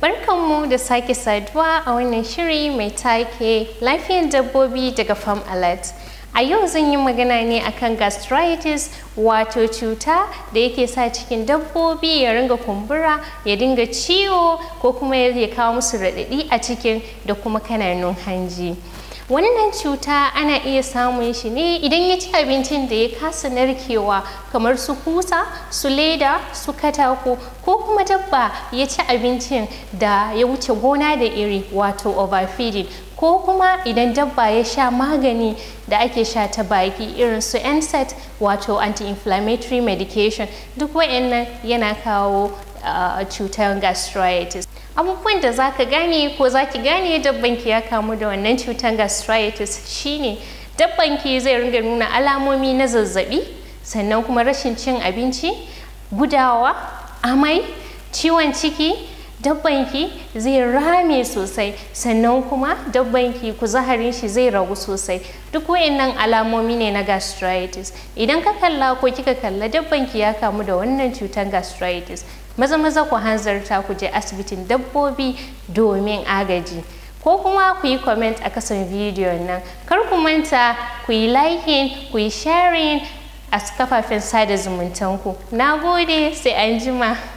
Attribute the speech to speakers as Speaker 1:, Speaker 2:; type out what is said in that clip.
Speaker 1: mu da sake saduwa a wannan shiri mai take lafiyan dabbobi daga Farm Alert. A yau zan yi magana ne akan gastritis wato cuta da yake sa cikin dabbobi ya ringa kumbura ya dinga ciwo ko kuma ya kawo musu raɗaɗi a cikin da kuma kananun hanji. wannan cuta ana iya samun shi ne idan ya ci abincin da ya kasa narkewa kamar su kusa su leda su katako ko kuma dabba ya ci abincin da ya wuce gona da iri wato overfeeding ko kuma idan dabba ya sha magani da ake sha ta baki irin su NSAID wato anti-inflammatory medication duk wayannan yana kawo uh, cutar gastritis abubuwan da za ka gane ko za ki gane dabbanki ya kamu da wannan cutar gastritis shine dabbanki zai ringa nuna alamomi na zazzabi sannan kuma rashin cin abinci gudawa amai ciwon ciki dabbanki zai rame sosai sannan kuma dabbanki kuzaharin shi zai ragu sosai duk wayannan alamomi ne na gastritis idan ka kalla ko kika kalla dabbanki ya kamu da wannan cutar gastritis maza maza ku hanzarta ku je asibitin dabbobi domin agaji ko kuma ku yi comment a kasan bidiyon nan kar ku manta ku yi liking ku yi sharing a kafafen sada zumuntanku na gode sai anjima jima